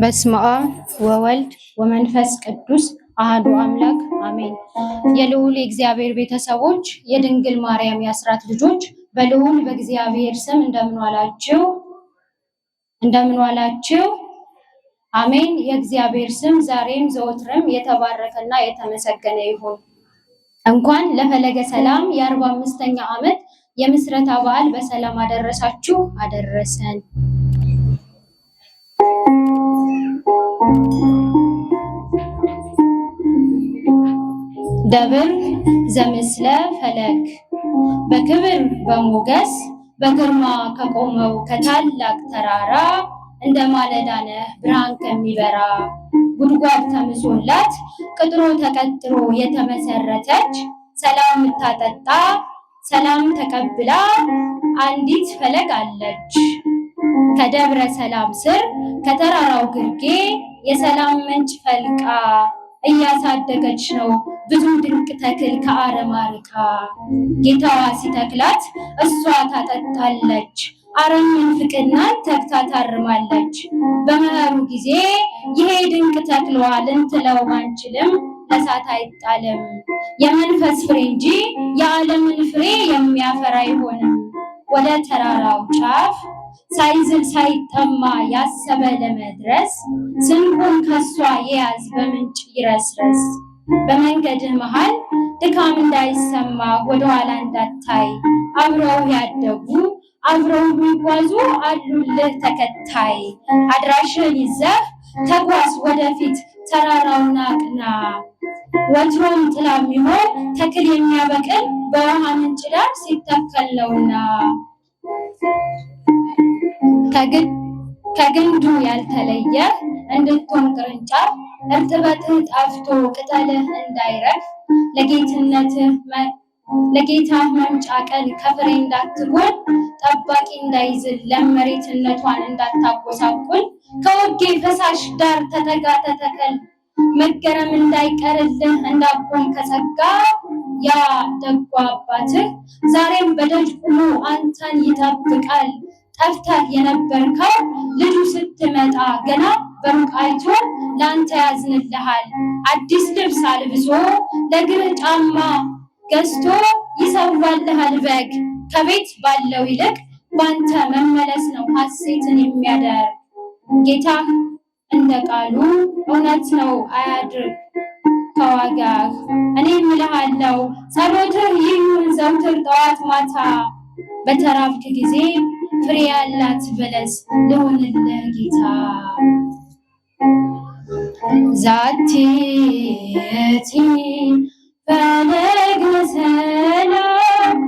በስመ አብ ወወልድ ወመንፈስ ቅዱስ አህዱ አምላክ አሜን። የልዑል የእግዚአብሔር ቤተሰቦች የድንግል ማርያም የአስራት ልጆች በልዑል በእግዚአብሔር ስም እንደምን ዋላችሁ? እንደምን ዋላችሁ? አሜን። የእግዚአብሔር ስም ዛሬም ዘወትርም የተባረከና የተመሰገነ ይሁን። እንኳን ለፈለገ ሰላም የአርባ አምስተኛ ዓመት የምስረታ በዓል በሰላም አደረሳችሁ አደረሰን። ደብር ዘምስለ ፈለክ በክብር በሞገስ በግርማ ከቆመው ከታላቅ ተራራ እንደ ማለዳ ብርሃን ከሚበራ ጉድጓድ ተምሶላት ቅጥሮ ተቀጥሮ የተመሰረተች ሰላም ታጠጣ ሰላም ተቀብላ አንዲት ፈለግ አለች። ከደብረ ሰላም ስር ከተራራው ግርጌ የሰላም ምንጭ ፈልቃ እያሳደገች ነው ብዙ ድንቅ ተክል ከአረም አርቃ። ጌታዋ ሲተክላት እሷ ታጠጣለች፣ አረም ምንፍቅናን ተክታ ታርማለች። በመኸሩ ጊዜ ይሄ ድንቅ ተክሏ ልንትለው አንችልም፣ ለእሳት አይጣልም። የመንፈስ ፍሬ እንጂ የዓለምን ፍሬ የሚያፈራ አይሆንም። ወደ ተራራው ጫፍ ሳይዝል ሳይጠማ ያሰበ ለመድረስ ዝንቡን ከሷ የያዝ በምንጭ ይረስረስ። በመንገድህ መሃል ድካም እንዳይሰማ ወደኋላ እንዳታይ አብረው ያደጉ አብረው የሚጓዙ አሉልህ ተከታይ። አድራሽህን ይዘህ ተጓዝ ወደፊት ተራራውና ቅና ወትሮም ጥላ የሚሆን ተክል የሚያበቅል በውሃ ምንጭ ዳር ሲተከል ነውና። ከግንዱ ያልተለየ እንድትሆን ቅርንጫፍ እርጥበትህ ጣፍቶ ቅጠልህ እንዳይረግፍ ለጌታ መምጫ ቀን ከፍሬ እንዳትጎል ጠባቂ እንዳይዝል ለመሬትነቷን እንዳታጎሳቁል ከውጌ ፈሳሽ ዳር ተጠጋ ተተከል መገረም እንዳይቀርልህ እንዳቆም ከጸጋ ያ ደጓ አባትህ ዛሬም በደጅ ቆሞ አንተን ይጠብቃል። ጠርተህ የነበርከው ልጁ ስትመጣ ገና በሩቅ አይቶ ለአንተ ያዝንልሃል። አዲስ ልብስ አልብሶ ለግር ጫማ ገዝቶ ይሰዋልሃል በግ። ከቤት ባለው ይልቅ ባንተ መመለስ ነው ሐሴትን የሚያደርግ ጌታ እንደ ቃሉ እውነት ነው አያድርግ ከዋጋህ። እኔ እምልሃለሁ ጸሎትህ ይሁን ዘውትር ጠዋት ማታ፣ በተራብክ ጊዜ ፍሬ ያላት በለስ ልሆንልህ ጌታ ዛቲ እቲ ፈለግ ሰላም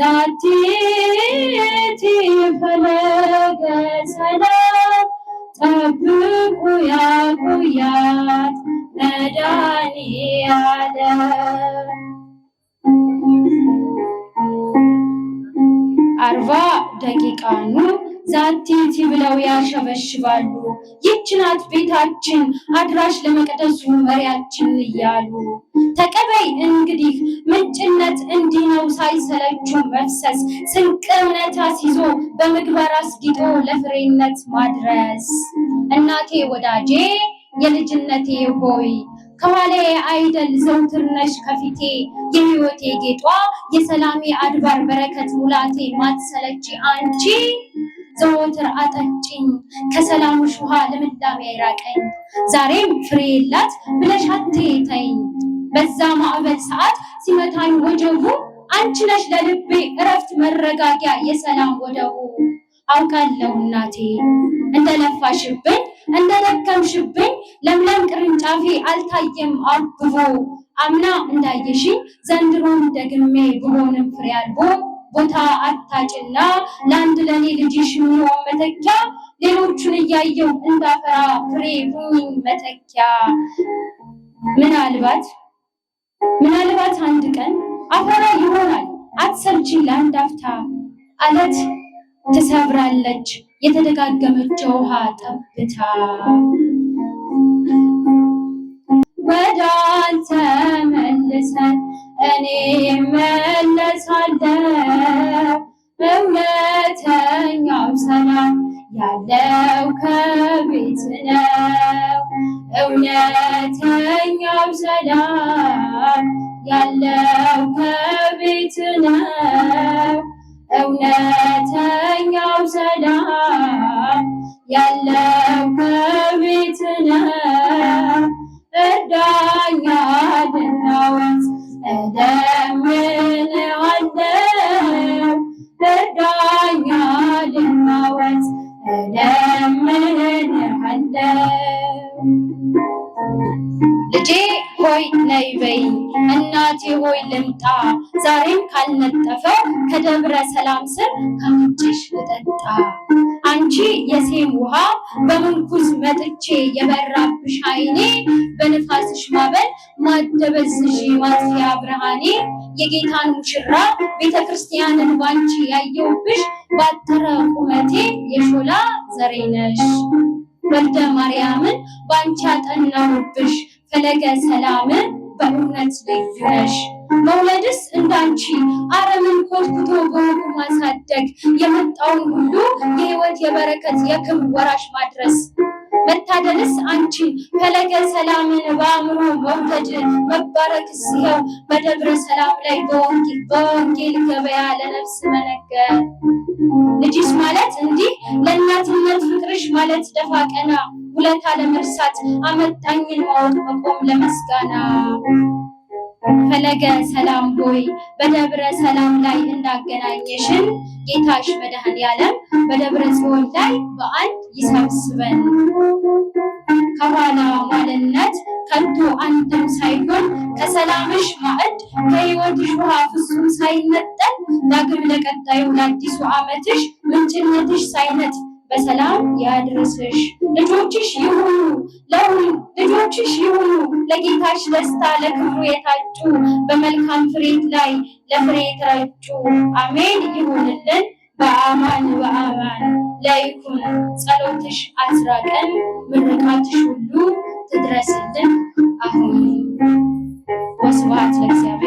ዛቲ እቲ ፈለግ ሰላም ጠብቁ ያቁያት መድኃኔዓለም አርባ ደቂቃኑ ዛቲ ብለው ያሸበሽባሉ። ይችናት ናት ቤታችን አድራሽ ለመቅደሱ መሪያችን እያሉ ተቀበይ እንግዲህ ምንጭነት እንዲህ ነው ሳይሰለችው መፍሰስ ስንቅ እምነት አስይዞ በምግባር አስጊጦ ለፍሬነት ማድረስ እናቴ ወዳጄ የልጅነቴ ሆይ ከኋላዬ አይደል ዘውትር ነሽ ከፊቴ የህይወቴ ጌጧ የሰላሜ አድባር በረከት ሙላቴ ማትሰለቺ አንቺ ዘወትር አጠጭኝ ከሰላምሽ ውሃ ልምላሜ አይራቀኝ ዛሬም ፍሬ የላት ብለሽ አትተይኝ በዛ ማዕበል ሰዓት ሲመታኝ ወጀቡ አንቺ ነሽ ለልቤ እረፍት መረጋጊያ የሰላም ወደቡ አውቃለሁ እናቴ እንደለፋሽብኝ እንደደከምሽብኝ ለምለም ቅርንጫፌ አልታየም አብቦ አምና እንዳየሽ ዘንድሮም ደግሜ ብሆንም ፍሬ አልቦ ቦታ አታጭና ለአንድ ለኔ ልጅሽ የሚሆን መተኪያ ሌሎቹን እያየው እንዳፈራ ፍሬ ሁኝ መተኪያ። ምናልባት ምናልባት አንድ ቀን አፈራ ይሆናል አትሰልቺ ለአንድ አፍታ አለት ትሰብራለች የተደጋገመች ውሃ ጠብታ። ወደ መልሰን እኔ መለሳለሁ። እውነተኛው ሰላም ያለው ከቤት ነው። እውነተኛው ሰላም ያለው ሆይ ነይ በይ፣ እናቴ ሆይ ልምጣ፣ ዛሬም ካልነጠፈ ከደብረ ሰላም ስር ከምንጭሽ ልጠጣ። አንቺ የሴም ውሃ በምንኩዝ መጥቼ የበራብሽ አይኔ፣ በንፋስሽ ማበል ማደበዝሽ ማጥፊያ ብርሃኔ፣ የጌታን ሙሽራ ቤተ ክርስቲያንን ባንቺ ያየውብሽ ባጠረ ቁመቴ የሾላ ዘሬ ነሽ። ወልደ ማርያምን ባንቺ ጠናውብሽ ፈለገ ሰላምን በእውነት ልዩ ነሽ። መውለድስ እንዳንቺ አረምን ኮትኩቶ በወጉ ማሳደግ የመጣውን ሁሉ የህይወት የበረከት የክብር ወራሽ ማድረስ መታደልስ አንቺ ፈለገ ሰላምን በአእምሮ መውደድ መባረክ ይኸው በደብረ ሰላም ላይ በወንጌል ገበያ ለነፍስ መነገር ልጅሽ ማለት እንዲህ ለእናትነት ፍቅርሽ ማለት ደፋ ቀና ውለታ ለመርሳት አመጣኝን ማወቅ መቆም ለመስጋና ፈለገ ሰላም ሆይ በደብረ ሰላም ላይ እንዳገናኘሽን ጌታሽ መድኃኔዓለም በደብረ ጽዮን ላይ በአንድ ይሰብስበን። ከኋላ ማንነት ከቶ አንድም ሳይሆን ከሰላምሽ ማዕድ ከሕይወትሽ ውሃ ፍጹም ሳይነጠል ዳግም ለቀጣዩ ለአዲሱ ዓመትሽ ምንጭነትሽ ሳይነጥ በሰላም ያድርስሽ። ልጆችሽ ይሁኑ ለሁሉ ልጆችሽ ይሁኑ ለጌታሽ ደስታ ለክብሩ የታጩ በመልካም ፍሬት ላይ ለፍሬ የተራጩ አሜን ይሁንልን በአማን በአማን ለይኩን ጸሎትሽ አስራቀን ምርቃትሽ ሁሉ ትድረስልን አሁን። ወስብሐት ለእግዚአብሔር።